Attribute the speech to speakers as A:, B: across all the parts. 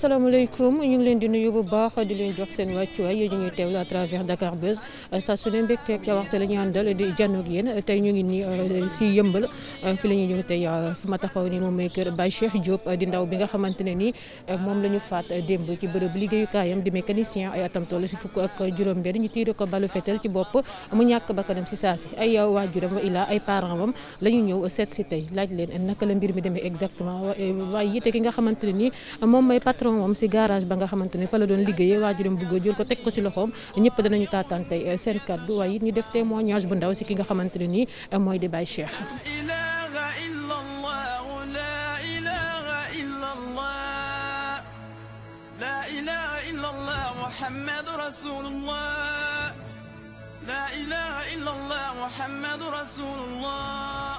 A: asalaamaaleykum ñu ngi leen di nuyu bu baax di leen jox seen wàccuwaay yi ñu ñuy teewlu à travers Dakar saa su ne mbégteeg ca waxtu la ñu àndal di jànnoog yéen tey ñu ngi nii euh, si yëmbal euh, fi la ñëw euh, ni moom mooy kër Baye Cheikh Diop di ndaw bi nga xamante ne nii moom faat démb ci bërëb liggéeyukaayam di mécanicien ay atam toll si fukk ak juróom-benn ñu tiire ko balu fetel ci bopp mu ñàkk bakkanam si saa si ay waajuram wa ay parents wam la ñu ñëw seet si tey laaj leen naka la mbir mi demee exactement waaye yite ki nga xamante ne nii moom mooy oto si garage ba nga xamante ne fa la doon liggéeyee waajuram bu góor jël ko teg ko si loxoom ñëpp danañu taataan tey eh, seen kàddu waaye it ñu def témoignage bu ndaw si ki nga xamante eh, mooy di Baye Cheikh.
B: la ilaha illallah muhammadu rasulullah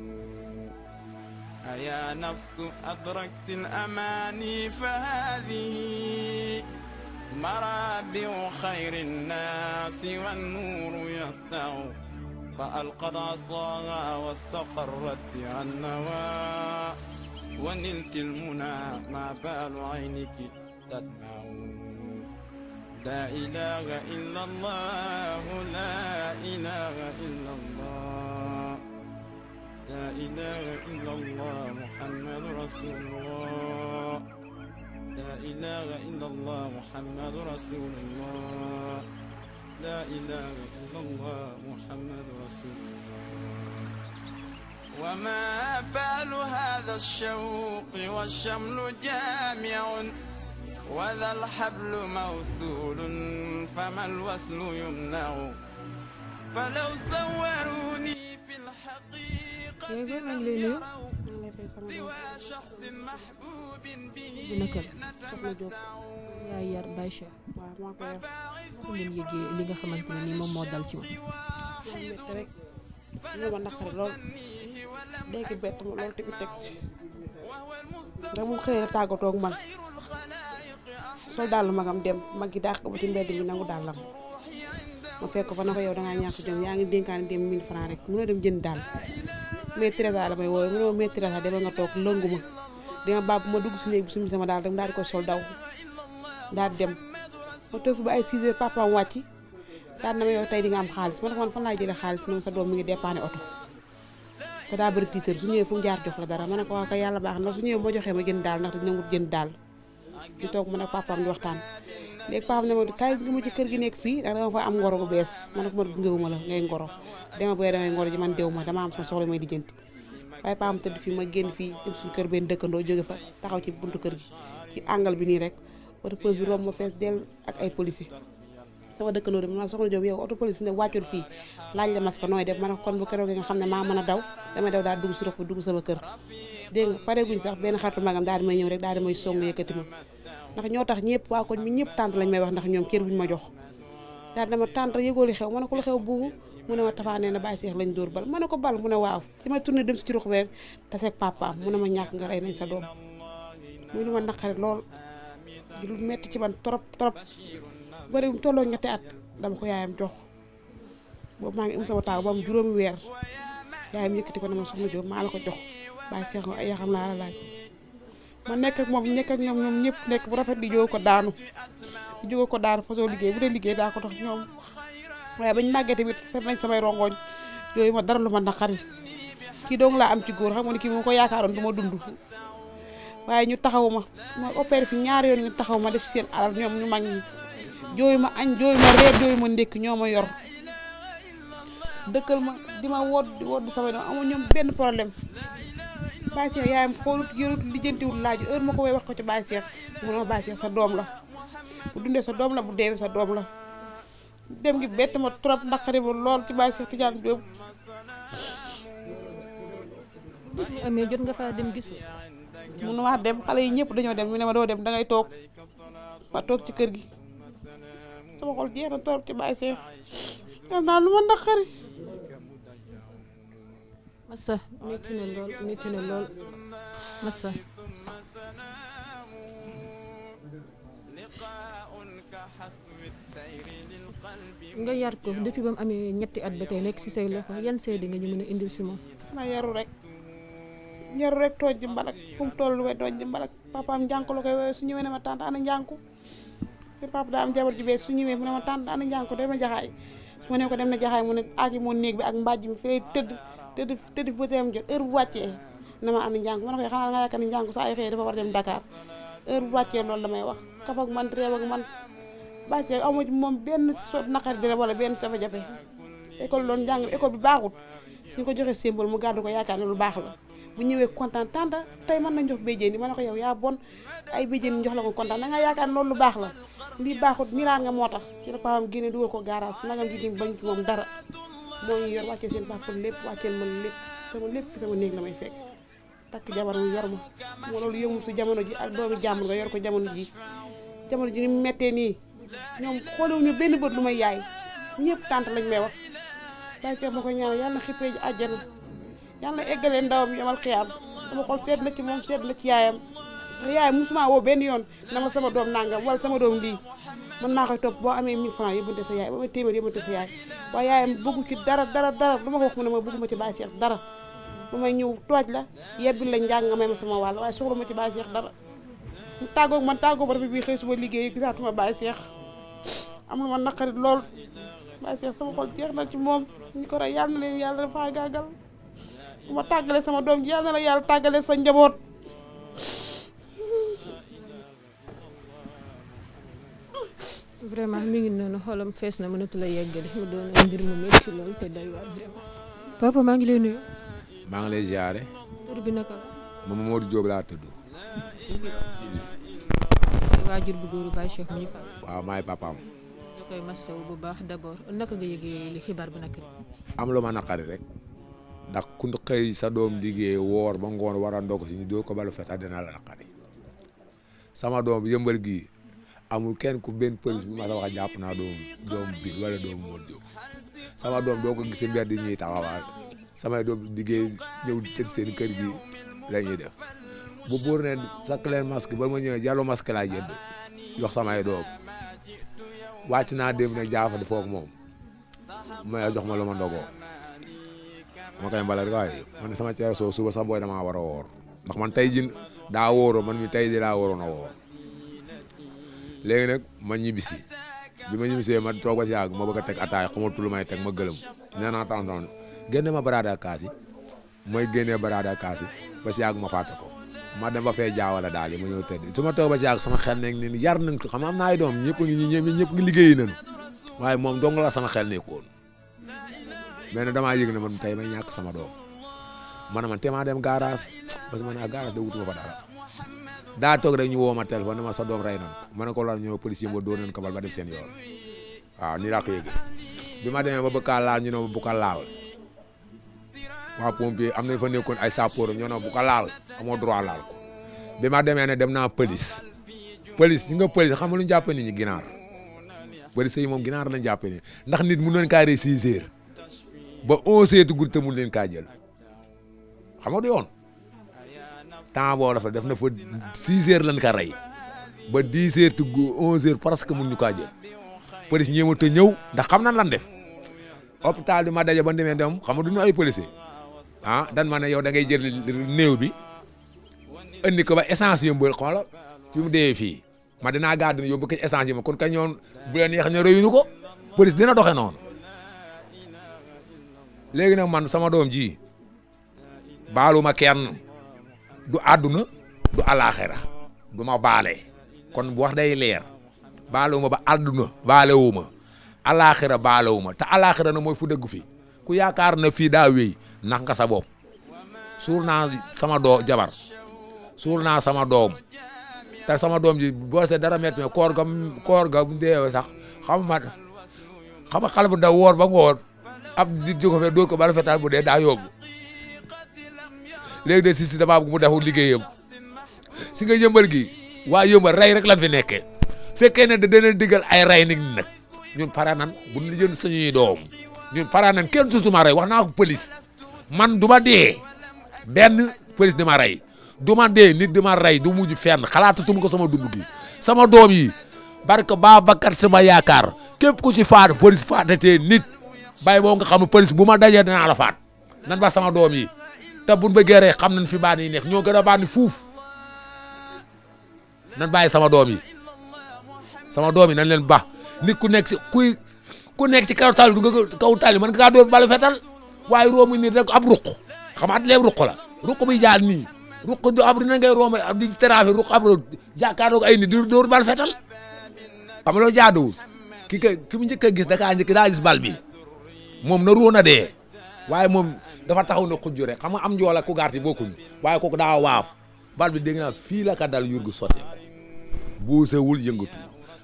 B: أيا نفس أدركت الأماني فهذه مرابع خير الناس والنور يسطع فألقد عصاها واستقرت بها النوى ونلت المنى ما بال عينك تدمع لا إله إلا الله لا إله إلا الله لا إله إلا الله محمد رسول الله لا إله إلا الله محمد رسول الله لا إله إلا الله محمد رسول الله وما بال هذا الشوق والشمل جامع وذا الحبل موثول فما الوصل يمنع فلو صوروني في الحقيقة yooyu boobu maa
C: ngi ko ma naqari lool. dégg bett ma lool te mu teg ci. ndax mu xëyee tàggatoo ak man. sol dàllu magam dem mag gi dàq ba ci mbedd mi nangu dàllam. ma fekk fa na ko yow dangaa ñàkk jom yaa ngi dénkaane dem 1000 francs rek mënoo dem jënd dàll. maîtresse la may wooye mu ne ma maîtresse dama nga toog lëngu ma dama bàbb ma dugg si néeg bi sumi sama daal rek daal di ko sol daw daal dem ma toog fi ba ay 6 heures papaam wàcc daal na di nga am xaalis ma ne man fan laay jëlee xaalis moom sa doom mi ngi dépanné oto te daa bëri tiitër su ñëwee fu mu jox la dara ma ne ko waaw kay yàlla baax na su ñëwee ma joxee ma jënd daal ndax dina wut jënd daal ñu toog mu ne papaam di waxtaan léegi papaam ne ma kaay gi ma ci kër gi nekk fii ndax dama fa am ngoro gu bees man ak man la ngay ngoro dama booy damay ngoro ji man dew ma dama am sama soxla may lijjanti waaye papaam tëdd fii ma génn fii dem suñu kër benn dëkkandoo jóge fa taxaw ci buntu kër gi ci àngal bi nii rek wata pause bi romb ma fees dell ak ay policier sama dëkkandoo bi ma soxna Diop yow oto police ne wàccul fii laaj la masque nooy def ma ne ko kon bu keroogee nga xam ne maa mën a daw damay daw daal dugg si rox bi dugg sama kër dégg pare guñ sax benn xaritu magam daal di may ñëw rek ma ndax ñoo tax ñëpp waa koñ mi ñëpp tànt lañ may wax ndax ñoom kër buñ ma jox daal dama xew ma ne ko lu xew buubu mu ne ma tafaa nee na bàyyi seex lañ dóor bal ma ne ko bal mu ne waaw ci ma tourné dem si ci rox weer tase papaam mu ma ñàkk nga rey nañ sa doom muy lu ma naqari lool metti ci man bëri mu tolloo ñetti at dama ko yaayam jox boobu maa ngi am sama taaw ba am juróomi weer yaayam yëkkati ko ne ma soxna Diop maa la ko jox waaye seex nga xam laa la laaj ma nekk ak moom nekk ak ñoom ñëpp nekk bu rafet di ko daanu di ko daanu fasoo liggéey bu dee liggéey daa ko dox ñoom waaye bañ màggee tamit fer nañ samay rongoñ ma dara lu ma naqari kii dong laa am ci góor xam nga ni ko yaakaaroon du ma waaye ñu taxaw ma ma opéré fi ñaari yoon ñu taxaw ma def seen alal ñoom ñu mag ñi jooyu ma añ jooyu ma reer jooyu ma ndékki ñoo ma yor dëkkal ma di ma wodd di wodd sama doom amul ñoom benn problème Baye Cheikh yaayam xoolut yorut lijjantiwul laaj heure ma ko way wax ko ci Baye Cheikh mu ne ma Baye sa doom la bu dundee sa doom la bu deewee sa doom la dem gi bett ma trop naqari ma lool ci Baye Cheikh Tidiane Diop amee jot nga faa dem gis nga. mun maa dem xale yi ñëpp dañoo dem mu ne ma doo dem dangay toog ma toog ci kër gi. sama xol jeex na torop ci Baye Cheikh lu ma naqari massa métti na lool métti na lool massa
A: nga yar ko depuis ba mu amee ñetti at ba tey nekk ci say loxo yan seede nga ñu mën a indil ci moom
C: na yaru rek yaru rek tooj ji mbalak fu mu toll we dooj ji mbalak papaam njànku la koy woowee su ñëwee ma tante njànku sa papa daa am jabar ju bees su ñëwee mu ne ma tànn ana njàng ko dem na jaxaay su ma ne ko dem jaxaay mu ne aagi néeg bi ak mbàjj mi fi lay tëdd tëdd tëdd ba teem jot heure bu wàccee na ma ana njàng ko ma ne ko xanaa nga yaakaar ni njàng saa yu xëyee dafa war a dem bu wàccee loolu la wax kaf ak man réew ak man bàccee amu ci moom benn so naqari dina wala benn jafe-jafe école loon njàng école bi baaxul suñ ko joxee symbole mu gàddu ko yaakaar ne lu baax la bu ñëwee kontaan tànta tey mën na jox béjjéen yi ma ne ko yow yaa bon ay béjjéen yi jox la ko kontaan da nga yaakaar loolu lu baax la lii baaxut miraan nga moo tax ci la papaam génne dugal ko garage nagam ji tim bañ ci moom dara wàccee ma lépp sama lépp fi sama néeg la may fekk takk jabar mu yor ma moo loolu yëmul si jamono ji ak doomi jàmbur nga yor ko jamono ji jamono ji ni mettee nii ñoom xoolewuñu benn bët lu may yaay ñëpp tànt lañ may wax bàyyi seex ma koy ñaanal yàlla xippee ji àjjana yàlla eggalee ndawam yamal xiyaam sama xol seet na ci moom seet na ci yaayam ndax yaayam musuma benn yoon na ma sama doom nangam wala sama doom lii man naa koy topp boo amee 1000 francs yóbbante sa yaay boo amee téeméer yóbbante sa yaay waaye yaayam bëggu ci dara dara dara lu ma ko wax ne ma bëgguma ci bàyyi seex dara lu may ñëw tooj la yebbil la njàng nga may ma sama wàll waaye soxla ma ci bàyyi seex dara mu tàggoog man tàggoo ba rafet bii xëy suma liggéey gisaatuma bàyyi seex am ma naqarit lool bàyyi seex sama xol jeex na ci moom ko rey yal yàlla dafa bu ma tàggale sama doom ji yal na la yàlla tàggale sa njaboot
A: vraiment mi ngi noonu xolam fees na mënatu la yeggale mu doon mbir mu métti lool te day waar vraiment papa maa ngi lay nuyu
D: maa ngi lay jaare tur bi naka la moom Modou Diop laa tudd
A: waajur bu góoru Baye Cheikh mu ñu fa
D: waaw maay papaam
A: da koy mastaw bu baax d'abord naka nga yëgee li xibaar bu naka
D: am lu ma naqari rek ndax ku xëy sa doom liggéey woor ba ngoon war a ndog si ñu doo ko balu fes ah, dina la sama doom yëmbal gi amul kenn ku benn police bu ma sa wax jàpp naa doom doom bi wala doom mool sama doom doo ko gis mbedd di ñuy taxawaal samay doom liggéey ñëw tëdd seen kër gi la ñuy def bu buur ne sakk leen ba ma ñëwee jàllu masque laa jënd jox samay doom wàcc naa dem ne jaafa di foog moom ma jox ma lu ma ndogoo ma koy mbalal waaye man sama cere soo suba sax booy damaa war a woor ndax tey jii daa wóoroo man mi tey jii daa wóoroo na woor nag ma ñibbisi bi ma ñibbisee ma toog ba si yàgg ma bëgg a teg ataay xamatul may teg ma gëlëm nee naa tonton génne ma baraada kaas yi génnee baraada kaas yi ba si ma fàtte ko ma dem ba fee jaawale daal yi ma ñëw tëdd su ma toog ba si yàgg sama xel nekk ni yar nañ xam am na ay doom ñëpp ngi ñëpp ngi liggéeyi nañu waaye moom dong sama xel nekkoon. mais ne damaa yëg ne man tey may ñàkk sama doom man man ma dem garage parce que man ah garage de wutuma fa dara daa toog rek ñu woo ma téléphone ne ma sa doom rey nañ ma ne ko laal ñu ne policier ba dóor ko bal ba seen yoon waaw nii laa ko bi ma demee ba bëgg a laal ñu ne ma bu ko laal waa am nañ fa nekkoon ay sapeurs ñoo ne bu ko laal amoo droit laal ko bi ma demee ne dem naa police police ñu nga police xam nga lu ñu jàppee nit ñi ginaar police yi moom ginaar lañ jàppee nii ndax nit mun nañ carré 6 heures. ba onze heures guddi te mu leen kaa jël xam nga du yoon temps boo dafa def na fa six heures lañ ka ba dix heures te onze heures parce que mun ñu kaa jël police ñëwul te ndax xam nan lan def hôpital bi ma daje ba demee dem xam nga du ñu ay policier ah dan ma ne yow da ngay jël néew bi andi ko ba essence yëmbal xoola fi mu dee fii ma dinaa gàddu yóbbu ko essence yi ma kon ka ñu rëyuñu ko police dina doxee noonu. léegi nag man sama doom ji baaluma kenn du àdduna du alaaxira du ma baale kon bu wax day leer baalewuma ba àdduna baalewuma alaaxira baalewuma te alaaxira na mooy fu dëgg fi ku yaakaar na fii daa wéy nax nga sa bopp suul naa sama doo jabar suul naa sama doom te sama doom ji boo see dara métti koor koor ga mu deewee sax xam ma xam xale bu ndaw woor ba ngoor ab di ko fe dóor ko ba bu dee daa yóbbu léegi de si si damaa mu deful liggéeyam si nga gi waa yëmbal rey rek lan fi nekke fekkee ne da dana ay rey nit ñi nag ñun pare nan bu ñu jënd suñuy doom ñun pare nan kenn susuma rey wax naa ko police man duma ma dee benn police dema ma rey du dee nit di rey du mujj fenn xalaatatuma ko sama dund gi sama doom yi barke Babacar sama yaakaar képp ku ci faat police faatatee nit. bàyyi boo nga xam police bu ma dajee dinaa la faat nan ba sama doom yi te buñ bëggee rek xam nañ fi baan yi nekk ñoo gën a baan fuuf nan bàyyi sama doom yi sama doom yi nan leen ba nit ku nekk ci kuy ku nekk ci kaw tali du nga kaw tali mën ngaa dóor balu fetal waaye roomu nit rek ab ruq xam at leeb ruq la ruq bi jaar nii ruq du ab dina ngay room di trafic ruq ab jàkkaarloog ay nit di dóor balu fetal xam loo jaaduwul ki ka ki mu njëkk gis da kaa njëkk daa gis bal bi moom naroon na dee waaye moom dafa taxaw na xujju rek xam nga am njoola ku gaar si bokkuñu waaye kooku daa waaf bal bi dégg naa fii la ka dal yurgu sottee buusewul yëngatu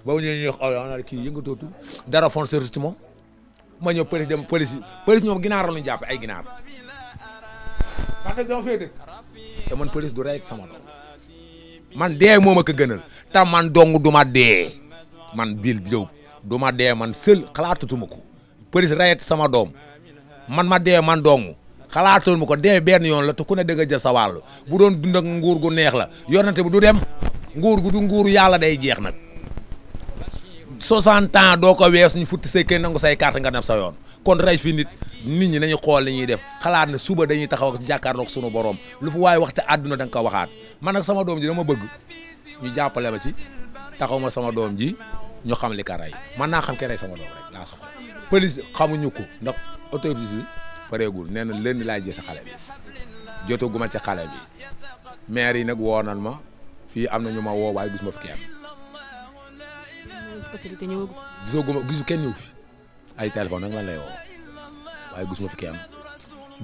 D: ba mu ñëwee ñuy wax oh, aw kii moom ma ñëw police dem police police ñoom ginaar lañu jàpp ay ginaar. parce que dama fee man police du rey sama doom man dee moom ak a gënal te man dong du ma dee man Bill Diop du dee man sël xalaatutuma ko. përis rayet sama doom man ma dee man dong xalaatoon mu ko dee benn yoon la te ku ne dëgg nga jël sa wàll bu doon dund ak nguur gu neex la yonante bu du dem nguur gu du nguuru yàlla day jeex nag 60 ans doo ko wees ñu fut say kenn nangu say carte nga dem sa yoon kon rey fi nit nit ñi nañu xool li ñuy def xalaat na suba dañuy taxaw ak jàkkaarloog sunu borom lu fu waaye waxte àdduna da nga ko waxaat man nag sama doom ji dama bëgg ñu jàppale ma ci taxaw ma sama doom ji ñu xam li ka rey naa xam ke rey police xamuñu ko ndax autopsie bi pareegul nee na lënd laa gis xale bi jotaguma ci xale bi mair yi nag woo nan ma fii am na ñu ma woo waaye gisuma fi kenn.
A: autorité ñëwagul.
D: gisoo guma gisu kenn ñëw fi ay téléphone nag lan lay woo waaye gisuma fi kenn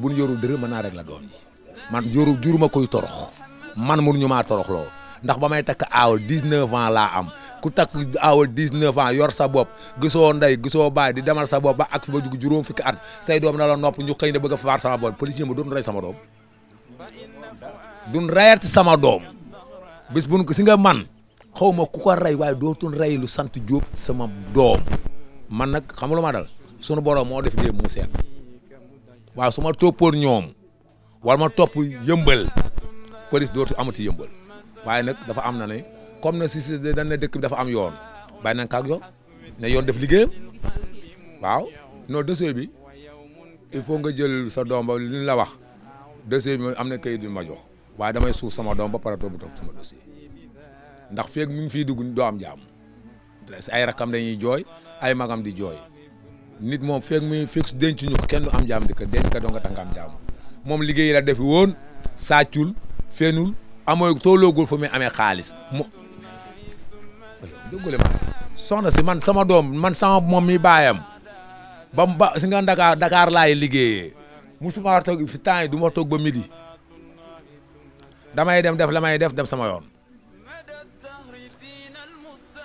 D: buñ yorul dërëm mën naa rek la doon man yoru juruma koy torox man mënuñu maa torox loo. ndax ba may takk aawal 19 ans laa am ku takk aawal 19 ans yor sa bopp gisoo ndey gisoo baay di demal sa bopp ba ak fi ba jug juróom fukki at say doom na la nopp ñu xëy ne bëgg a faar sama bopp policier ma doon rey sama doom duñ sama doom bis buñ ko nga man xaw ma ku ko rey waaye dootul rey lu sant Diop sama doom man nag xam nga lu ma dal sunu borom moo def dee mu seet waaw su ma toppoon ñoom wala ma topp yëmbal police dootu amati yëmbal waaye nag dafa am na ne comme na si si dañ dëkk bi dafa am yoon bàyyi nañ kaak yoon ne yoon def liggéeyam waaw non dossier bi il faut nga jël sa doom ba la wax dossier bi am na kayit bi ma jox waaye damay suuf sama doom ba pare doo bu toog sama dossier ndax feeg mi ngi fiy dugg doo am jaam ay rakam dañuy jooy ay magam di jooy nit moom feeg mi feeg denc ñu ko kenn du am jaam di ko denc ko doo nga tax nga am jaam moom liggéey la def woon sàccul fenul amoo tooloogul fu muy amee xaalis mu dëggale ma soxna si man sama doom man sama moom mi baayam ba mu ba si nga Dakar Dakar laay liggéeyee musuma toog si temps yi du ma toog ba midi dem def la may def dem sama yoon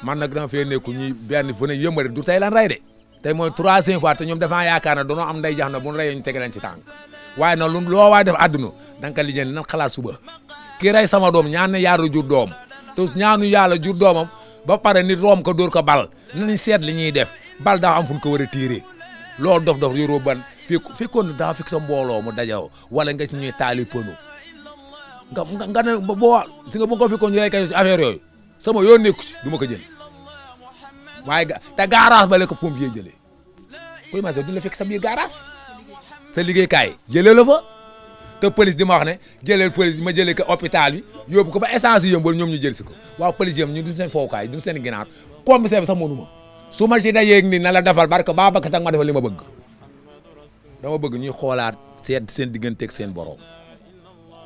D: man nag dama fee nekku ñi benn fu ne yëmbari du tey lan rey de tey mooy troisième fois te ñoom dafa yaakaar ne dañoo am nday jax na bu nu reyee ñu tege leen ci tànk lu loo waay def àdduna da nga ko lijjanti nan xalaat suba ki sama doom ñaan na yaaru jur doom te ñaanu yàlla doomam ba pare ni room ko door ko bal nañ seet li ñuy def bal daa am fu ñu ko war a tiiree loolu dof-dof yoroo ban fii fekkoon daa fekk sa mbooloo mu dajaw wala nga ci ñuy taali pënu nga nga ne si nga bu ko fekkoon ñu lay kay affaire yooyu sama yoon nekku ci du ma ko jël waaye ga te garage la ko pompier jëlee kuy ma se du sa biir garage sa la fa. te police di ma wax ne jëleel police ma jëlee ko hôpital bi yóbbu ko ba essence yi yëmbal ñoom ñu jël si ko waaw police yëm ñu duñ seen fowukaay duñ seen ginaar commissaire bi sax mënu ma a ma si na la dafal barke ba bakk tag ma defal li ma bëgg dama bëgg ñuy xoolaat seet seen digganteeg seen borom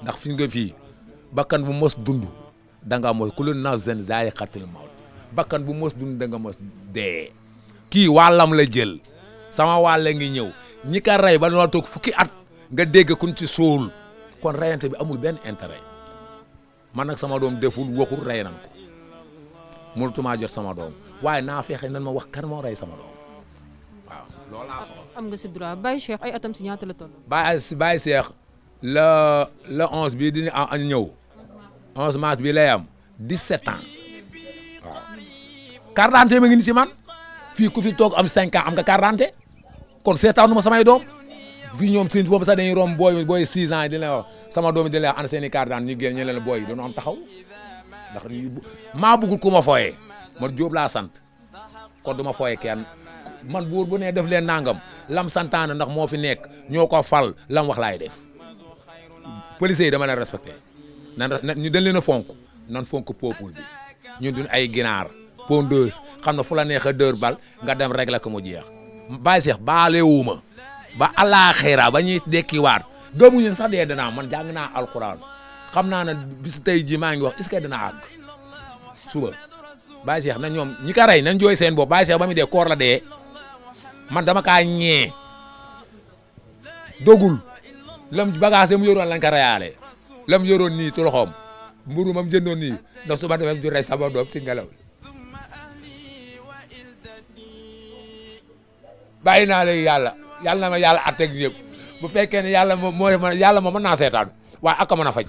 D: ndax fi nga fii bakkan bu mos dund da nga mos ku lu naaw seen zaay bakkan bu mos dund da nga mos dee kii wàllam la jël sama wàll ngi ñëw ñi ka rey ba noo toog fukki nga dégg kun ci suul kon rayante bi amul benn intérêt man nag sama doom deful waxul rey nan ko mënatumaa jot sama doom waaye naa fexe nan ma wax kan moo rey sama doom
A: waaw loolaa am nga si droit ay atam si ñaata la toll
D: Baye Baye Cheikh la la onze bii dina a ah, ñëw onze mars bi lay am dix-sept ans waaw carte ma ngi si man fii ku fi toog am cinq ans am nga carte d'identité kon seetaanuma samay doom fii ñoom seen boobu sax dañuy rom booy booy 6 ans yi dina la wax sama doom yi dina la wax ana seen i carte d'identité ñu génn ñu leen booy yi dañoo taxaw maa bëggul ku ma fooye ma Diop laa sant kon du ma fooyee kenn man buur bu ne def leen nangam lam santaane ndax moo fi nekk ñoo ko fal lam wax laay def police yi dama leen respecté nan ñu dañ leen a fonk nan fonk peuple bi ñun duñ ay ginaar pondeuse xam na fu la neex a dër bal nga dem régler ko mu jeex bàyyi seex baaleewuma ba alaaxira ba ñuy dekkiwaat doomu ñun sax dee danaa man jàng naa alxuraan xam naa ne bis tey jii maa ngi wax est-ce que suba Baye Cheikh na ñoom ñi ka nañ jooy seen bopp Baye Cheikh ba mi dee koor la dee man dama kaa ñee dogul lam bagage mu yoroon lañ ko reyaale lam yoroon nii ci loxoom mburu mam jëndoon nii ndax suba demee mu rey sama doom ci ngelaw bàyyi la yàlla na ma yàlla àtteeg yëpp bu fekkee ne yàlla moom mooy yàlla moom mën naa seetaan waaye ak mën a faj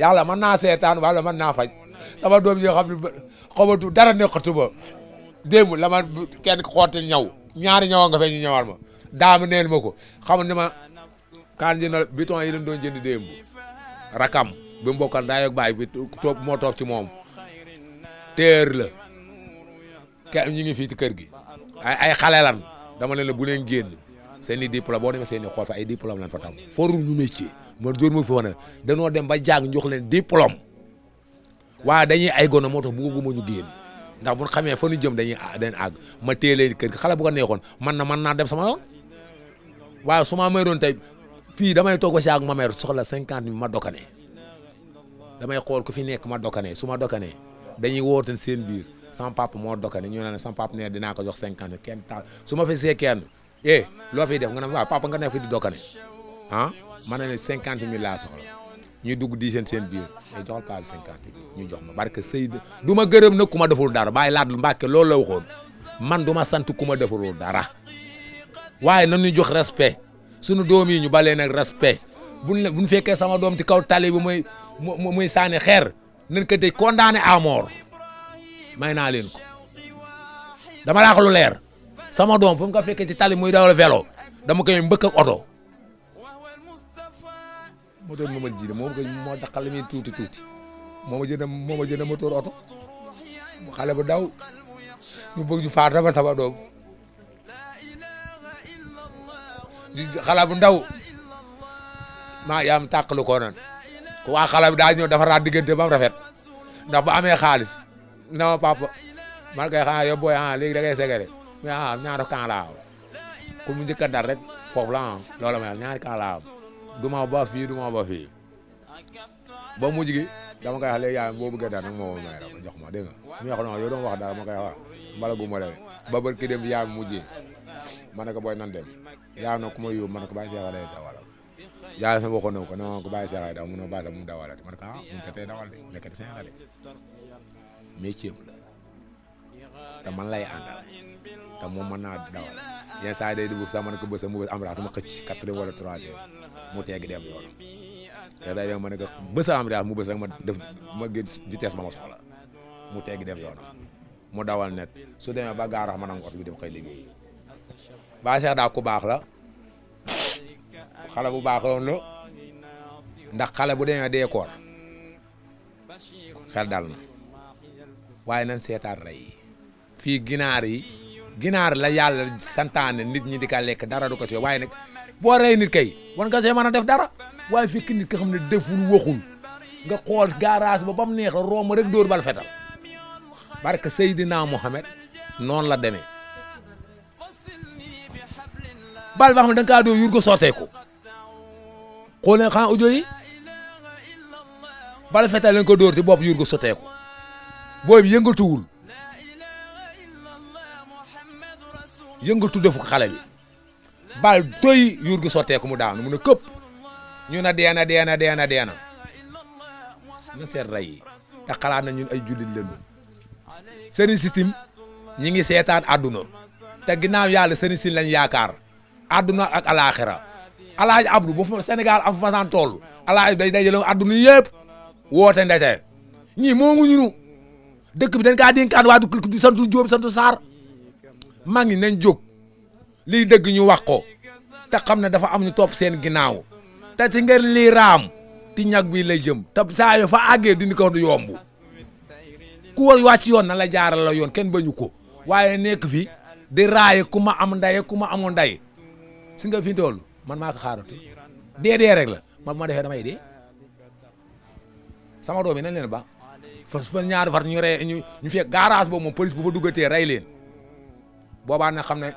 D: yàlla mën naa seetaan wala mën naa faj sama doom yi nga xam ne xamatu dara nekkatu ba démb la ma kenn xooti ñaw ñaari ñaw nga fe ñu ñëwaat ma daam neel ma ko xam ne ma kaan jënd biton yi lañ doon jënd démb rakam bi mu bokkal ndaay ak baay bi toog moo toog ci moom téer la ke ñu ngi fii ci kër gi ay ay xale lan dama leen la bu leen génn seen i diplôme boo demee seeni i fa ay diplôme lañ fa tam forum ñu métier man joor moo fi wane danoo dem ba jàng jox leen diplôme waaye dañuy ay gono moo tax bëgguma ñu génn ndax bu xamee fa ñu jëm dañuy dañ àgg ma téelee kër gi xale bu ko neexoon man na mën naa dem sama yoon waaye su ma meeroon tey fii damay toog ba si àgg ma soxla cinquante mille ma dokanee damay xool ku fi nekk ma dokanee su ma dokanee dañuy seen biir. sama papa moo dokkani ñu ne sama papa nee dinaa ko jox cinquante kenn taal su ma fi see kenn eh loo fiy def nga ne waaw papa nga ne fi di dokkani ah ma ne cinquante mille laa dugg di seen seen biir day eh, cinquante ñu jox ma barke Seydou du ma gërëm nag ku ma deful dara bàyyi laat lu mbàkke loolu la waxoon man du sant ku ma defulul dara waaye nan ñu jox respect sunu doom yi ñu balee nag respect buñ la buñ fekkee sama doom ci kaw tali bi muy muy muy saani xeer nañ ko tey condamné may naa leen ko dama laax lu leer sama doom fu mu ko fekkee ci tali muy dawal vélo dama koy mbëkk oto moteur bi ma ji de moom koy moo tuuti tuuti moo ma jënd moo ma oto xale bu daw mu bëgg ju faata ba sama doom xale bu ndaw maa yaam tàqalu ko nan ku waa xale bi daa ñëw dafa mu rafet ndax bu amee xaalis. na ma papa man kay xanaa yow booy ah léegi da ngay segale mais ah ñaari camp ku mu njëkk a dar rek foofu la ah loolu mooy ñaari camp laa fii du ma fii ba mujj gi dama koy wax léegi yaa boo bëggee dara nag moo may rab jox ma mu wax non yow doon wax dara ma koy wax mbala gu ma nan dem yaa na ku ma yóbbu ma ne ko bàyyi Cheikh Alay dawal mu ne bàyyi sa mu dawalati ma ne ah, métier la te man lay àndal moom mën naa dawal yenn saa yi day dugg sax ma ne ko bës a mu bës am sama xëcc quatrième wala troisième mu tegg dem yoon te day dem ma ne ko bës a am mu bës rek ma def ma gën vitesse ma ma soxla mu tegg dem yoonam mu dawal net su demee ba gaarax ma nangu oto bi dem xëy liggéey Baye daa ku baax la xale bu baax la woon ndax xale bu demee dee koor xel dal na. waaye nañ seetaan rey fii ginaar yi ginaar la yàlla santaane nit ñi di ka lekk dara du ko ci waaye nag boo rey nit kay wan nga see mën a def dara waaye fekk nit ka xam ne deful waxul nga xool garage ba ba mu neex la rooma rek dóor bal fetal barke Seydina Mohamed noonu la demee bal da nga kaa doo yur fetal lañ ko dóor te bopp yur ko sotteeku booy bi yëngatuwul yëngatu defu xale bi bal doy yuur gi sotteeku mu daanu mu ne këpp ñu na deena deena deena deena te xalaat na ñun ay jullit lañu sëriñ ñi ngi seetaan àdduna te ginnaaw yàlla sëriñ si lañ yaakaar àdduna ak alaaxira alaaj abdu bu fa Sénégal am fa alaaj day day jëloon àdduna yëpp woote ndete ñii moo ñunu dëkk bi dañ kaa dénkaan waa du santu Jóob santu Saar maa ngi nañ jóg liy dëgg ñu wax ko te xam ne dafa am ñu topp seen ginnaaw te ci ngeen lii raam ti ñag bi lay jëm ta saa yoo fa àggee dindi ko du yomb ku war wàcc yoon na la jaaral la yoon kenn bañu ko waaye nekk fi di raaye ku ma am ndaye ku ma amul nday si nga fi toll man maa ko xaaratu dee dee rek la ma defee damay dee sama doom yi nañ leen ba fa fa ñaar far ñu rey ñu ñu fekk garage boobu moom police bu fa duggatee rey leen boobaa na xam ne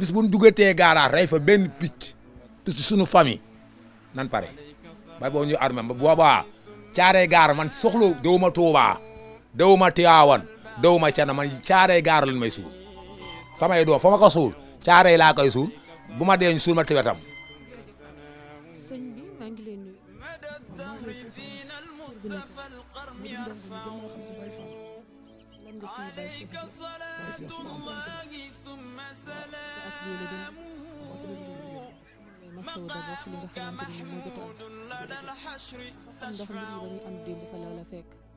D: bis bu ñu duggatee garage rey fa benn picc te si sunu famille nan pare bay boobu ñu armé boobaa caaree gaar man soxla dawuma Tuubaa dawuma Tiwaawan dawuma Cana man caaree gaar lañ may suul samay doom fa ma ko suul caaree laa koy suul bu ma dee ñu suul ma ci
B: عليك صلاة الله ثم سلامه مقامك محمود لدى الحشر تشفع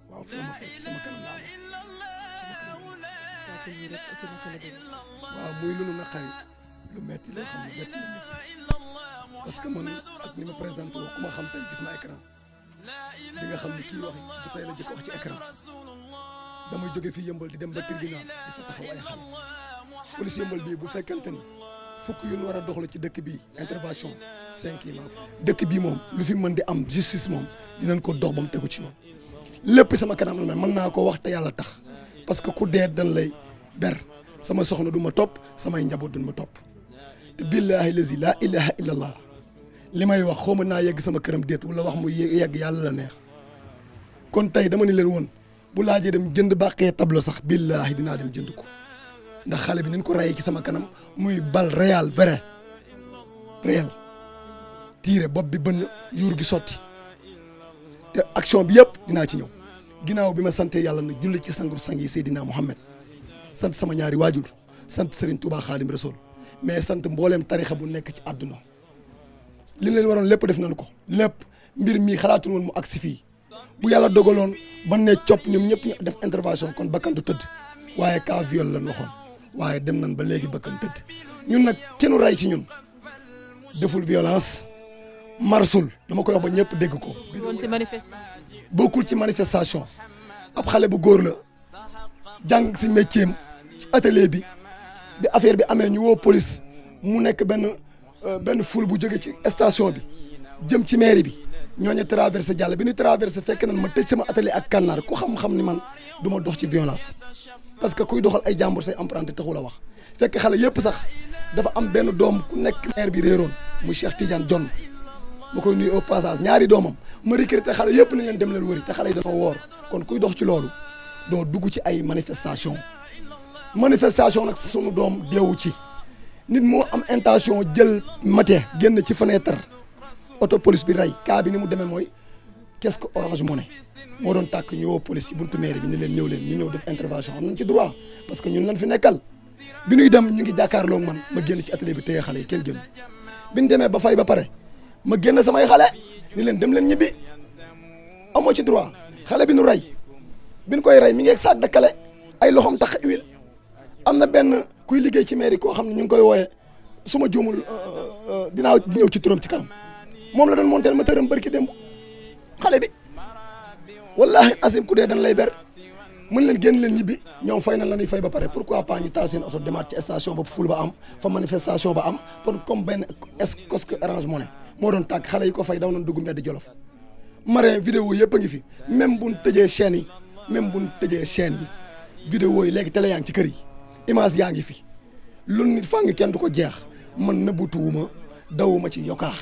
B: لا إله إلا الله لا إله إلا
E: الله lu metti loo xam ne metti na ñëpp parce que man ak ni ma présenté woo ku ma xam tey gis ma écran di nga xam ne kii wax du tey la jëkk wax ci écran damay jóge fii yëmbal di dem ba tribunal di fa taxaw ay xale police yëmbal bii bu fekkente ni fukk yu ñu war a dox doxalu ci dëkk bii intervention cinq yi dëkk bii moom lu fi mën di am justice moom dinañ ko dox ba mu tegu ci yoon lépp sama kanam la mën naa ko wax te yàlla tax parce que ku dee dañ lay ber sama soxna du ma topp samay njaboot duñ ma topp te billaahi lazi laa ilaha illa li may wax xaw ma naa yegg sama këram déet wala wax mu yegg yàlla la neex kon tey dama ne leen woon bu laajee dem jënd bàqee tableau sax billaahi dinaa dem jënd ko ndax xale bi nañ ko rayee ci sama kanam muy bal réel vrai réel tiire bopp bi bënn yuur gi sotti te action bi yëpp dinaa ci ñëw ginnaaw bi ma santee yàlla na julli ci sangub sang yi Seydina Muhammad sant sama ñaari waajur sant sëriñ Touba Xaadim Rasul mais sant mbooleem tarixa bu nekk ci àdduna li leen waroon lépp def nañu ko lépp mbir mi xalaatul woon mu agsi fii bu yàlla dogaloon ban ne copp ñoom ñëpp ñu def intervention kon bakkan du tëdd waaye cas viol lañ waxoon waaye dem nañ ba léegi bakkan tëdd ñun nag kenn ray ci ñun deful violence marsul dama koy wax ba ñëpp dégg ko. bokkul ci manifestation ab xale bu góor la jàng si métier am ci atelier bi bi affaire bi amee ñu woo police mu nekk benn euh, benn foule bu jóge ci station bi jëm ci mairie bi. ñooñu traversé jàll bi ñu traversé fekk nan ma tëj sama atelier ak kànnaar ku xam-xam ni man du ma dox ci violence parce que kuy doxal ay jàmbur say emprunté taxu la wax fekk xale yëpp sax dafa am benn doom ku nekk maire bi réeroon muy Cheikh Tidiane John ma koy nuyu au passage ñaari doomam ma xale yëpp ni leen dem leen wëri te xale yi dañoo woor kon kuy dox ci loolu doo dugg ci ay manifestation manifestation nag sunu doom deewu ci nit moo am intention jël mate génn ci fenêtre auto police bi rey cas bi ni mu demee mooy qu'est-ce que orange monnaie moo doon tàkk ñëwoo police ci buntu mairie bi ni leen ñëw leen ñu ñëw def intervention am nañ ci que ñun lan fi nekkal bi ñuy dem ñu ngi jàkkaarloog man ma génn ci atelier bi téye xale yi kenn génn bi ñu demee ba fay ba pare ma génn samay xale ni leen dem leen ñibbi amoo ci droit xale bi nu rey bi ñu koy rey mi ngi egg saag dëkkale ay loxoom tax huile am na benn kuy liggéey ci mairie koo xam ne ñu ngi koy wooyee su ma juumul euh, euh, euh, dinaa ñëw ci turam ci kanam. moom la doon montel ma tëram barki démb xale bi wallahi asim ku dee dañ lay ber mën leen génn leen ñibbi ñoom fay na la ñuy fay ba pare pourquoi pas ñu taal seen oto demaat ci station ba ful ba am fa manifestation ba am pour comme benn escosque orange monnaie moo doon tàkk xale yi ko fay daw nañ dugg mbedd jolof marin vidéo yëpp a ngi fi même buñ tëjee chaîne yi même buñ tëjee chaîne yi yi léegi télé yaa ngi ci kër yi image yaa ngi fi loolu nit faa ngi kenn du ko jeex man nëbbutuwuma dawuma ci yokkaa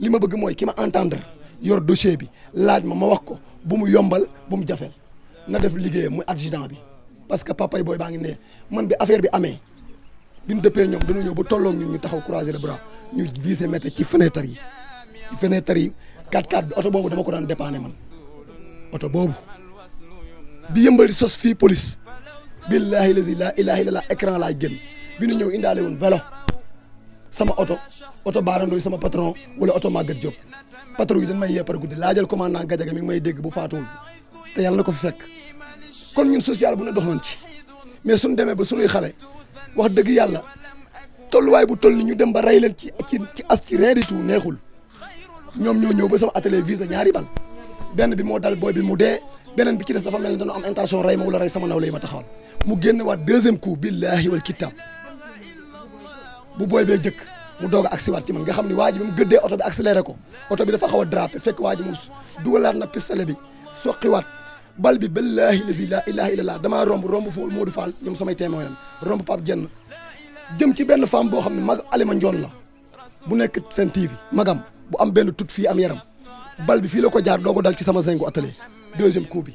E: li ma bëgg mooy ki ma entendre yor dossier bi laaj ma ma wax ko bu mu yombal bu mu jafeel na def liggéeyam muy adjudant bi parce que papay booy baa ngi ne man bi affaire bi amee bi ñu dëppee ñoom dañoo ñëw ba tolloog ñun ñu taxaw croiser les bras ñu visé mettre ci fenêtre yi ci fenêtre yi 4x4 bi oto boobu dama ko daan dépanner man oto boobu bi yëmbal di sos fii police billaahi lazi laa ilaaha illa llaah écran laa génn bi nu ñëw indaale woon velo sama oto oto baarandooy sama patron wala oto Maguette Diop patron yi dañ may yee par guddi laajal commandant Gadiaga mi ngi may dégg bu faatuwul te yàlla na ko fi fekk kon ñun social bu ne dox nañ ci mais suñ demee ba sunuy xale wax dëgg yàlla tolluwaay bu toll ni ñu dem ba rey leen ci ci ci as ci rien du tout neexul ñoom ñoo ñëw ba sama atelier visa ñaari bal benn bi moo dal booy mu dee beneen bi ci def dafa mel ni dañoo am intention rey ma wala rey sama naw lay ma taxawal mu génn waat deuxième coup billahi wal bu booy bee jëkk mu doog a agsiwaat ci man nga xam ni waa ji bi mu gëddee oto bi accéléré ko oto bi dafa xaw a drapé fekk waaj ji mu dugalaat na pistolet bi soqiwaat bal bi billaahi lazi laa ilaaha illallaah damaa romb romb foofu Modou Fall ñoom samay témoin romb Pape Dieng jëm ci benn femme boo xam ne mag Alima Ndion la bu nekk seen TV magam bu am benn tut fii am yaram bal bi fii la ko jaar doo ko dal ci sama zingu atelier deuxième coup bi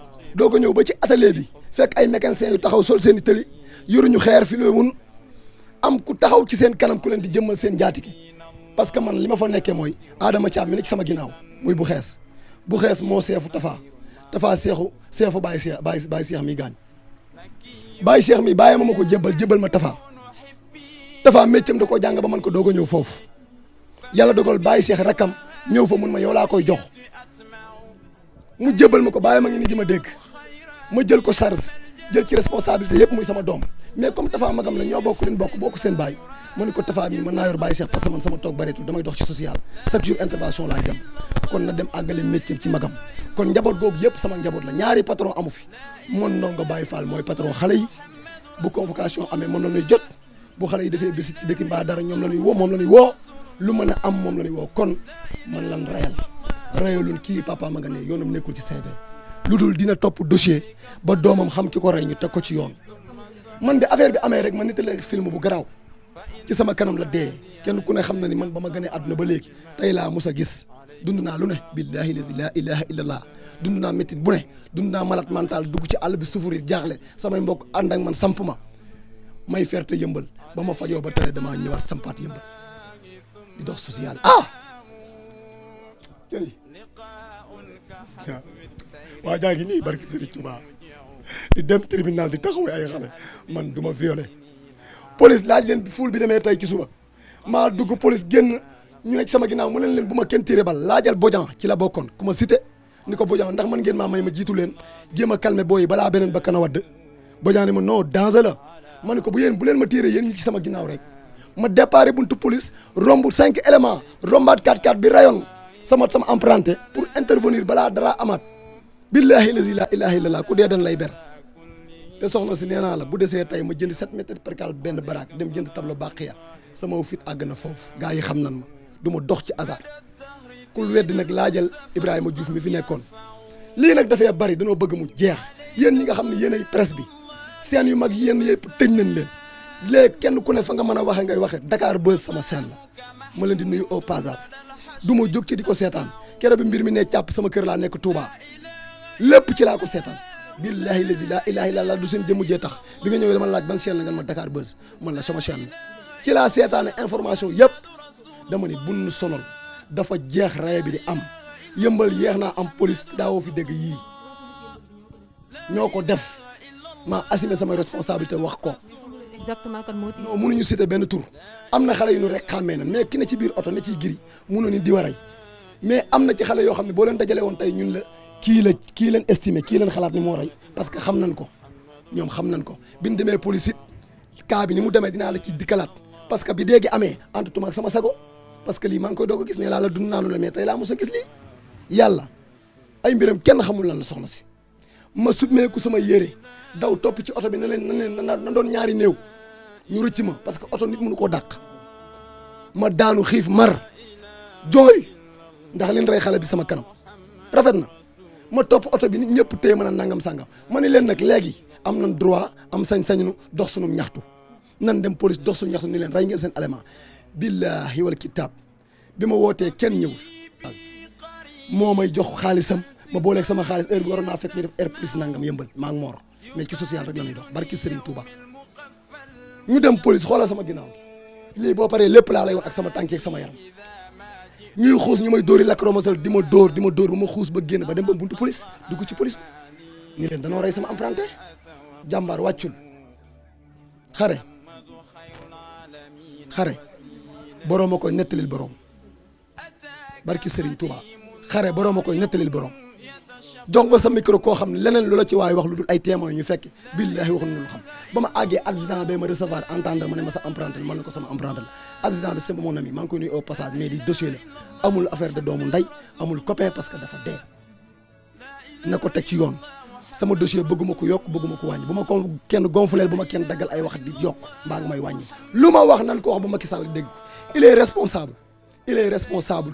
E: doo ko ñëw ba ci atelier bi fekk ay mécaniciens yu taxaw sol seen i tëli yoruñu xeer fi looy mun am ku taxaw ci seen kanam ku leen di jëmmal seen jaatigi parce que man li ma fa nekkee mooy Adama Thiam mi ne ci sama ginnaaw muy bu xees bu xees moo seefu Tafa Tafa seexu seefu Baye Cheikh Baye Baye Cheikh mi gaañ Baye Cheikh mi bàyyi ma ma ko jébbal jébbal ma Tafa Tafa méccam da koo jàng ba man ko doog a ñëw foofu yàlla dogal Baye Cheikh rakkam ñëw fa mun ma yow laa koy jox mu jébal ma ko bàyyi ma ngi ni di ma dégg ma jël ko charge jël ci responsabilité yëpp muy sama doom mais comme Tafa magam la ñoo bokk leen bokk bokk seen baay ma ne ko Tafa mii mën naa yor bàyyi Cheikh parce que man sama toog bareetul damay dox ci social chaque jour intervention laay dem kon na kon njaboot googu yëpp sama njaboot la ñaari patron amu fi mon ndongo Baye Fall mooy patron xale yi bu convocation amee moom la ñuy jot bu xale yi defee bisit ci dëkk mbaa dara ñoom la ñuy woo moom la ñuy woo lu ma a am moom la ñuy woo kon man lan rayal rayalul kii papa ma nga ne yoonam nekkul ci CV lu dul dina topp dossier ba doomam xam ki ko rey ñu teg ko ci yoon man bi affaire bi amee rek ma nettali film bu garaaw ci sama kanam la dee kenn ku ne xam na ni man ba ma gënee àdduna ba léegi tey laa mus a gis dund naa lu ne billahi la ilaha illallah dund naa métit bu ne dund naa malade mental dugg ci àll bi souffrir jaaxle samay mbokk ànd ak man samp ma may ferte yëmbal ba ma fajoo ba tere damaa ñëwaat sampaat yëmbal di dox waa jaa ngi nii barki Serigne Touba di dem tribunal di taxawee ay xale man du ma violé police laaj leen ful bi demee tey ci suba maa dugg police génn ñu ne sama ginaaw mu leen leen bu ma kenn téere bal laajal Bodian ci la bokkoon ku ma cité ni ko Bodian ndax man geen maa may ma jiitu leen jéem a calmer booyi balaa beneen bakkan a wadd Bodian ni ma non danger la ma ne ko bu yéen bu leen ma tiire yéen ñi ci sama ginnaaw rek ma déparé buntu police romb cinq éléments rombaat 4-4 bi rayon sama sama emprunté pour intervenir balaa dara amaat billahi lazi la ilaha illallah ku dee dañ lay ber te soxna si nee naa la bu desee tey ma jënd 7 mètres percale benn baraak dem jënd tableau bàqiya sama fit àgg na foofu gaa yi xam nan ma du ma dox ci hasard kul weddi nag laajal Ibrahima Diouf mi fi nekkoon lii nag dafay bari danoo bëgg mu jeex yéen ñi nga xam ne yéen ay presse bi seen yu mag yéen yëpp tëj nañ leen léegi kenn ku ne fa nga mën a waxe ngay waxe Dakar Buzz sama chaîne ma leen di nuyu au du ma jóg ci di ko seetaan keroog bi mbir mi ne càpp sama kër laa nekk Touba lépp ci laa ko seetaan billahi lazi la ilaha illallah du seen jëmm jee tax bi nga ñëwee dama laaj ban chaîne la nga ma Dakar Buzz man la sama chaîne la ci seetaane information yëpp dama ne buñ sonal dafa jeex raye bi di am yëmbal yeex naa am police daawoo fi dégg yii ñoo ko def maa assumé sama responsabilité wax ko
A: exactement kan moo.
E: benn tur am na xale yu nu rek xàmmee na mais ki ne ci biir oto ne ciy giri mënoo ni di waray mais am na ci xale yoo xam ne boo leen dajale woon tey ñun la kii la kii leen estimé kii leen xalaat ni moo rey parce que xam nañ ko ñoom xam nañ ko bi ñu demee police it cas bi ni mu demee dinaa la ci dikkalaat parce que bi déegi amee entre tumaak sama sago parce que lii maa ngi koy doog a gis ne laa la dund naanu la mais tey laa mos a gis kenn xamul lan la soxna si ma submeeku sama yére daw topp ci oto bi na leen na leen na doon ñaari néew ñu rëcc ma parce que oto nit mënu koo daq ma daanu xiif mar jooy ndax leen rey xale bi sama kanam rafet na ma topp oto bi nit ñëpp téye ma naan nangam sangam ma ne leen nag léegi am nañ droit am sañ-sañu dox sunu ñaxtu nan dem police dox sunu ñaxtu ni leen rey ngeen seen élément billahi wal kitaab bi ma wootee kenn ñëwul moo may jox xaalisam ma booleeg sama xaalis heure bi waroon naa fekk ñu def heure plus nangam yëmbal maa ngi moor mais ci social ñu dem police xoolal sama ginnaaw léegi boo paree lépp laa lay wax ak sama tànk ak sama yaram ñuy xuus ñu may dóori lacrymogène di ma dóor di ma dóor ba ma xuus ba génn ba dem ba buntu police dugg ci police ni leen danoo rey sama emprunté jàmbaar wàccul xare xare boroom a koy nettalil boroom barki Serigne Touba xare boroom koy nettalil boroom donc sa micro koo xam ne leneen lu la ci waaye wax lu dul ay témoins ñu fekk billaahi waxuñu lu xam ba ma àggee accident ba ma recevoir entendre ma ne ma sa empreinte la man la ko sama empreinte la accident bi c'est mon ami maa ngi koy nuyu au passage mais li dossier la amul affaire de doomu ndey amul copain parce que dafa dee na ko teg ci yoon sama dossier bëgguma ko yokk bëgguma ko wàññi bu ma ko kenn gonfleel bu ma kenn daggal ay wax di yokk mbaa wàññi wax nan ko wax ba Macky Sall dégg ko il est responsable il est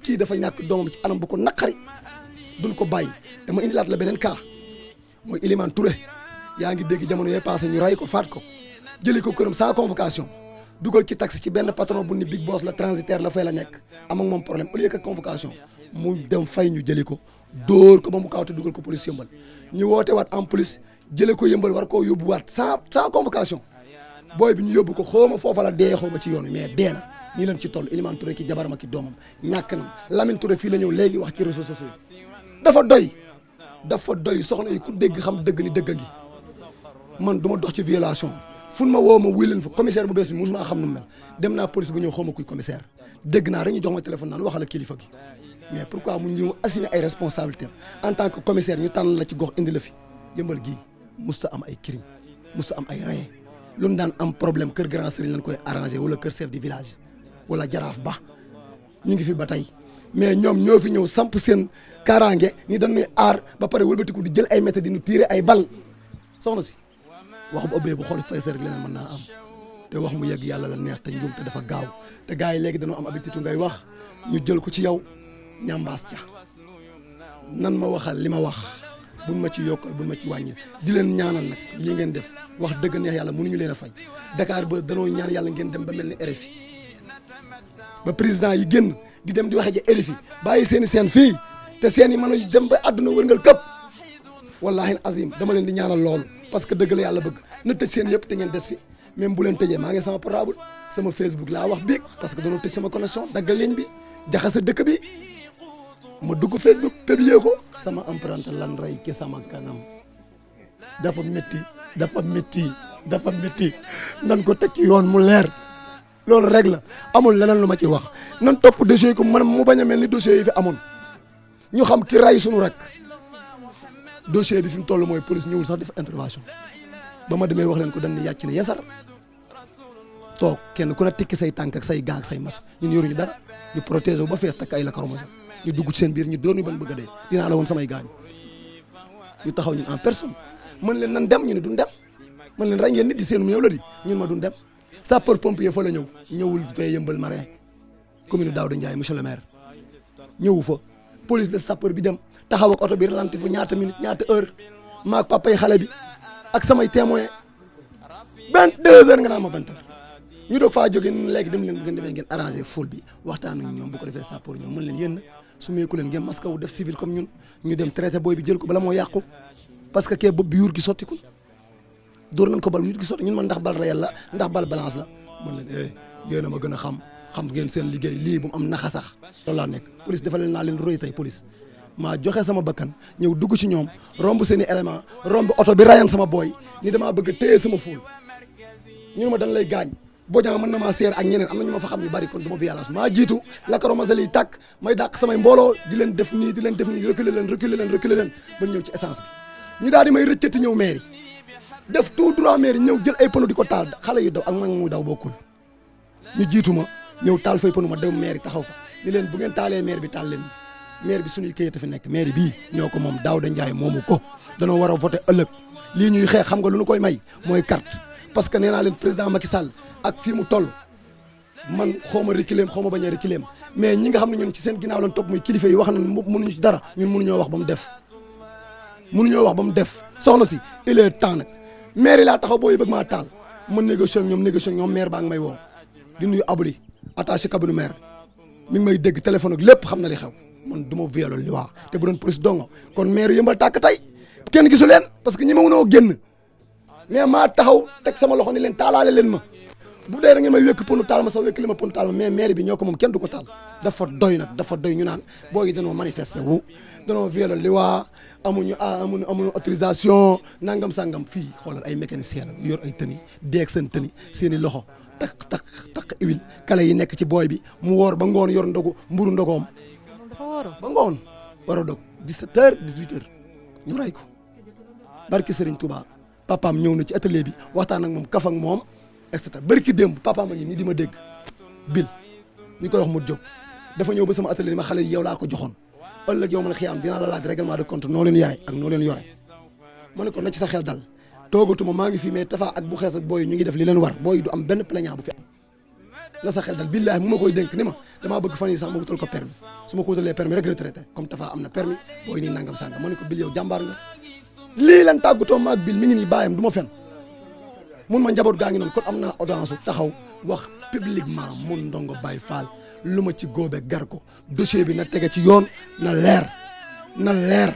E: kii dafa ñàkk doomam ci anam bu ko naqari duñ ko bàyyi dama indilaat la beneen cas mooy Ilimane Touré yaa ngi dégg jamono yee passé ñu rey ko faat ko jëli ko këram sans convocation dugal ci taxi ci benn patron bu ni big boss la transitaire la fay la nekk am ak moom problème au lieu que convocation mu dem fay ñu jëli ko dóor ko ba mu kawte dugal ko police yëmbal ñu woote waat en police jële ko yëmbal war koo yóbbuwaat sans sans convocation booy bi ñu yóbbu ko xooma foofa la dee xooma ci yoon wi ci toll Ilimane Touré ki jabaram ak ki doomam ñàkk na Lamine Touré fii la ñëw léegi wax ci réseaux sociaux dafa doy dafa doy soxla yi ku dégg xam dëgg ni dëgg gi man du ma dox ci violation fun ma woo ma wuy leen fa commissaire bu bees bi mosuma xam nu mel dem naa police bu ñëw xaw ma kuy commissaire dégg naa rek ñu jox ma téléphone naan waxal ak kilifa gi mais pourquoi mu ñu assigné ay responsabilités en tant que commissaire ñu tànn la ci gox indi la fi yëmbal gii musta am ay crime musta am ay raye lu daan am problème kër grand sëriñ lañ koy arrangé wala kër chef du village wala jaraaf ba ñu ngi fi ba tey mais ñoom ñoo fi ñëw samp seen kaaraange ni dañuy aar ba pare wëlbatiku di jël ay métti di tiire ay bal soxna si wax bu ëbbee bu xool fay sa rek leneen mën naa am te wax mu yegg yàlla la neex te njuum te dafa gaaw te gaa yi léegi dañoo am habitude ngay wax ñu jël ko ci yow ñambaas ca nan ma waxal li ma wax buñ ma ci yokkal buñ ma ci wàññi di leen ñaanal nag li ngeen def wax dëgg neex yàlla mun ñu leen a fay Dakar ba danoo ñaan yàlla ngeen dem ba mel ni RFI ba président yi génn di dem di waxe ja RFI bàyyi seen seen fii te seen yi mën a dem ba àdduna wërngal këpp wallahi azim dama leen di ñaanal lool parce que dëgg la yàlla bëgg na tëj seen yëpp te ngeen des fi même bu leen tëjee maa ngi sama portable sama Facebook laa wax biig parce que dañoo tëj sama connexion daggal ligne bi jaxase dëkk bi ma dugg Facebook publier ko sama empreinte lan rey ki sama kanam dafa métti dafa métti dafa métti nan ko teg yoon mu leer loolu rek la amul leneen lu ma ci wax nan topp dossier yi ko man mu bañ ni dossier yi fi amoon ñu xam ki ray suñu rek dossier bi fi mu toll mooy police ñëwul sax def intervention ba ma demee wax leen ko dañ ne yàcc na yasar toog kenn ku ne tekki say tànk say gaa ak say mas ñu ñun yoruñu dara ñu protéger wu ba fees takk ay la karomosal ñu dugg ci seen biir ñu doon ñu ban bëgg a dee dinaa la woon samay gaañu ñu taxaw ñun en personne mën leen nan dem ñu ne duñ dem mën leen ràññee nit di seen mu ñëw la di ñun ma duñ dem sapeur pompier fa la ñëw ñëwul fee yëmbal marin commune Daouda Ndiaye monsieur le maire ñëwu fa police de sapeur bi dem taxaw ak oto bi ralenti fu ñaata minute ñaata heure maag papay xale bi ak samay témoin vingt deux heures nga naa ma vingt heures ñu doog faa jógee nii dem leen ngeen defee ngeen arrangé foule bi waxtaan ak ñoom bu ko defee sapeur ñoom leen yéen nag su ma yëgu leen ngeen masque wu def ko bala moo yàqu que kee bopp bi yuur gi ko dóor nañ ko bal yuur gi sotti ñun man ndax bal réel la ndax bal balance la mën leen eh a ma gën a xam. xam ngeen seen liggéey lii bu mu am naxa sax loolu laa nekk police defal naa leen roy tey police maa joxe sama bakkan ñëw dugg ci ñoom romb seen i élément romb oto bi rayan sama booy ni damaa bëgg a sama fuul ñu ma dañ lay gaañ boo jàng mën na maa seer ak ñeneen am na ñu xam ñu bari kon du ma violence maa jiitu lakaro masal yi tàkk leen def nii di leen def nii reculer leen reculer leen reculer leen ba ñëw ci essence bi ñu daal di may rëccati ñëw mairie def tout droit mairie ñëw jël ay panneau di ko taal xale yu daw am mag muy daw bokkul ñu jiitu ma ñëw taal fay pënu ma dem maire taxaw fa ni leen bu ngeen taalee maire bi taal leen maire bi suñuy këyit fi nekk maire bi ñoo ko moom Daouda Ndiaye moomu ko danoo war a voté ëllëg li ñuy xeex xam nga lu nu koy may mooy carte parce que nee naa leen président Macky Sall ak mu toll man xaw ma reculeem xaw ma bañ a reculeem mais ñi nga xam ne ñun ci seen ginnaaw lañ topp muy kilifa yi wax nañ mënuñu ci dara ñun mënuñoo wax ba mu def mënuñoo wax ba mu def soxna si il est temps nag maire laa taxaw booy bëgg maa taal man négocier ñoom négocier ñoom maire baa ngi may woo di nuyu abuli attaché cabinet maire mi may dégg téléphone ak lépp xam na li xew man du ma violol li waa te bu doon police dongo kon maire yëmbal tàkk tey kenn gisu leen parce que ñi ma mënoo génn mais maa taxaw te sama loxo ni leen taalaale leen ma bu dee da ngeen may wekk ponu taal ma sax wékk li ma ponu taal ma mais maire bi ñoo ko moom kenn du ko taal dafa doy ñu naan boo yi danoo manifester wu danoo violol li waa amuñu amuñu amuñu autorisation nangam sangam fii xoolal ay mécanicien yor ay tëni deeg seen tëni seen loxo takk takk takk huile kale yi nekk ci booy bi mu woor ba ngoon yor ndogu mburu ndogoom ba ngoon dog 17 heures 18 heures ñu rey ko barki Serigne Touba papaam ñëw na ci atelier bi waxtaan ak moom kaf moom et cetera barki démb papaam a ngi di ma dégg bil ñu koy wax mu jóg dafa ñëw ba sama atelier ma xale yi yow laa ko joxoon ëllëg yow man xiyaam dinaa la laaj règlement de compte noo leen yore ak noo leen yore ma ne ko na ci sa xel dal toogatuma maa ngi fi mais Tapha ak bu xees ak booy ñu ngi def li leen war booy du am benn plaignant bu fi am na sa xel dal billaahi mu ma koy dénk ni ma damaa bëgg fan yi sax ma wutal ko permis su ma ko wutalee permis rek retraité comme Tapha am na permis booy nii nangam sànga ma ko bil yow jàmbaar nga lii lan tàggatoo ma ak bil mi ngi nii bàyyam du ma fen mun ma njaboot gaa ngi noonu kon am naa audience taxaw wax publiquement mun ndongo Baye Fall lu ma ci góobe gar ko dossier bi na tege ci yoon na na leer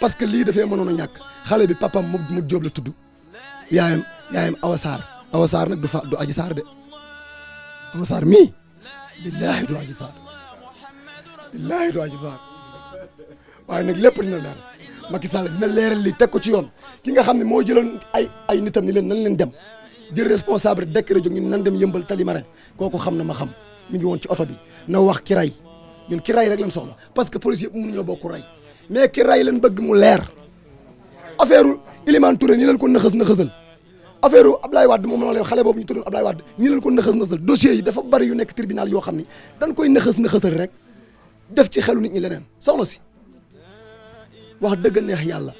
E: parce que lii dafee mënoon a ñàkk xale bi papam mu mu jóob tudd yaayam yaayam Awa Sarr Awa Sarr nag du fa du Adji Sarr de Awa Sarr mii billaahi du Adji Sarr billaahi du Adji waaye nag lépp dina leer Macky Sall dina leeral li te ko ci yoon ki nga xam ne moo jëloon ay ay nitam ni leen nan leen dem jël responsable décret jóg ñun nan dem yëmbal tali mare kooku xam na ma xam mi ngi woon ci oto bi na wax ki ray ñun ki ray rek lañ soxla parce que police yëpp mënuñoo bokk ray mais ki ray lañ bëgg mu leer affaire Ilimane Touré ñi leen ko nëxës nëxësal affaire Ablaye Wade moom la xale boobu ñu tuddoon Ablaye Wade ñi leen ko nëxës nëxësal dossier yi dafa bari yu nekk tribunal yoo xam ni dañ koy nëxës nëxësal rek def ci xelu nit ñi leneen soxna si wax dëgg neex yàlla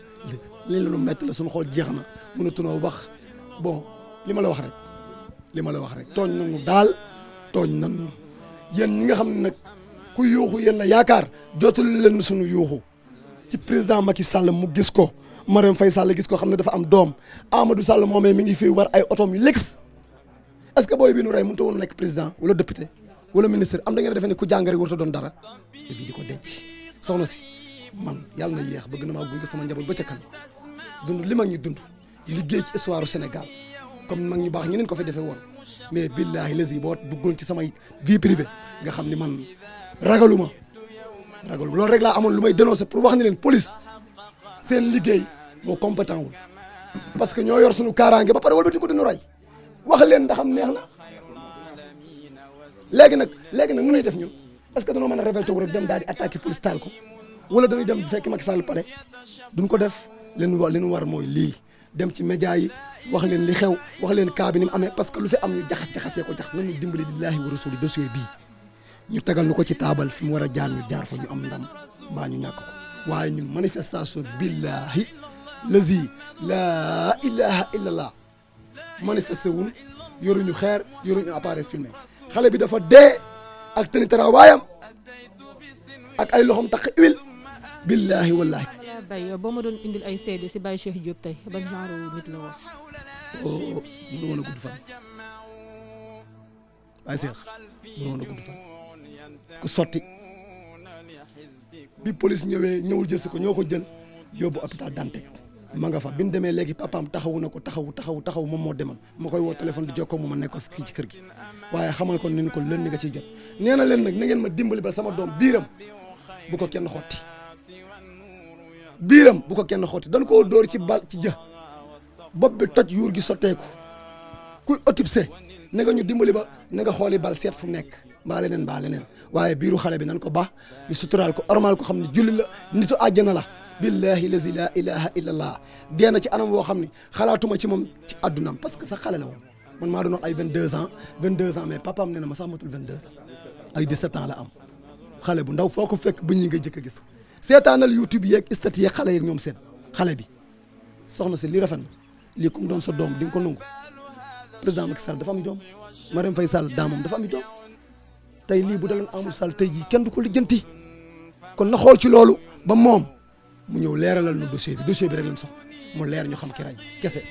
E: li lu metti la suñu xool jeex na mënatunoo wax bon li ma la wax rek li ma la wax rek tooñ na nañu daal tooñ nañu yéen ñi nga xam ne nag ku yuuxu yéen la yaakaar dootul leen suñu yuuxu ci président Macky Sall mu gis ko Marème Faye Sall gis ko xam ne dafa am doom Amadou Sall moomee mi ngi fii war ay otoom yu lex est-ce que booy bi nu rey mënut a woon nekk président wala député wala ministre am da ngeen defe ne ku jàngari warut a doon dara dafii di ko denc soxna si man yàlla na yéex bëgg na maa gunge sama njaboot ba ca kan dund li mag ñi dund liggéey ci histoire u Sénégal comme mag ñu baax ñeneen ko fi defee woon mais billaahi lesi boo duggoon ci samay vie privée nga xam ni man ragaluma ragaluma loolu rek laa amoon lu may dénoncer pour wax ni leen police seen liggéey moo compétent wul parce que ñoo yor suñu kaaraange ba pare wëlbati ko dinu rey wax leen ndax neex na léegi nag léegi nag nu ñuy def ñun parce ce que dañoo man a révolté wu rek dem daal di police taal ko wala dañuy dem fekk Macky Sall palais duñ ko def leen war mooy lii dem ci média yi wax leen li xew wax leen cas bi ni amee parce que lu fi am ñu jaxas jaxasee ko jax nañu dimbali lillahi wa rasuli dossier bii ñu tegal nu ko ci taabal fi mu war a jaar ñu jaar fa ñu am ndam mbaa ñu ñàkk ko lazi laa ilaha illallah manifesté wul yoruñu xeer yoruñu appareil filmé xale bi dafa dee ak teni travaayam ak ay loxom taq huile billahi wallahi
A: boo ma doon indil ay seede si Baye Cheikh Diop tey ban genre nit
E: la woon oh, mënu woon a gudd fan Baye Cheikh ku sotti bi police ñëwee ñëwul jël ko ñoo ko jël yóbbu hôpital Dantec ma nga bi mu demee léegi papaam taxawu na ko taxawu taxawu taxawu moom moo demoon moo koy woo téléphone di jokkoo mu ma nekkoon fii ci kër gi waaye xamal ko nin ko lën ni nga ciy jot nee na leen nag na ngeen ma dimbali ba sama doom biiram bu ko kenn xotti biiram bu ko kenn xotti dañ koo dóor ci bal ci jë bopp bi toj yuur gi sotteeku kuy autopsie na ñu dimbali ba na nga xooli bal seet fu nekk mbaa leneen mbaa leneen waaye biiru xale bi nan ko baax ñu ko ormal ko xam ne julli la nitu àjjana la billahi lazi la ilaha illa allah dee na ci anam woo xam ne xalaatuma ci moom ci addunaam parce que sax xale la woon man maa doon wax ay 22 ans 22 ans mais papaam nee na ma sax matul 22 ans ay 17 ans la am xale bu ndaw foo ko fekk ba ñi nga jëkk a gis seetaanal youtube yeeg statut yeeg xale yeeg ñoom seen xale bi soxna si li rafet na lii ku mu doon sa doom di nga ko nangu président Macky Sall dafa am doom Marème Faye Sall daamam dafa am doom tey lii bu daloon amul Sall tey jii kenn du ko lijjanti kon na xool ci loolu ba moom. mu ñëw leeralal nu dossier bi dossier bi rek lañ soxla mu leer ñu xam ki rey kese.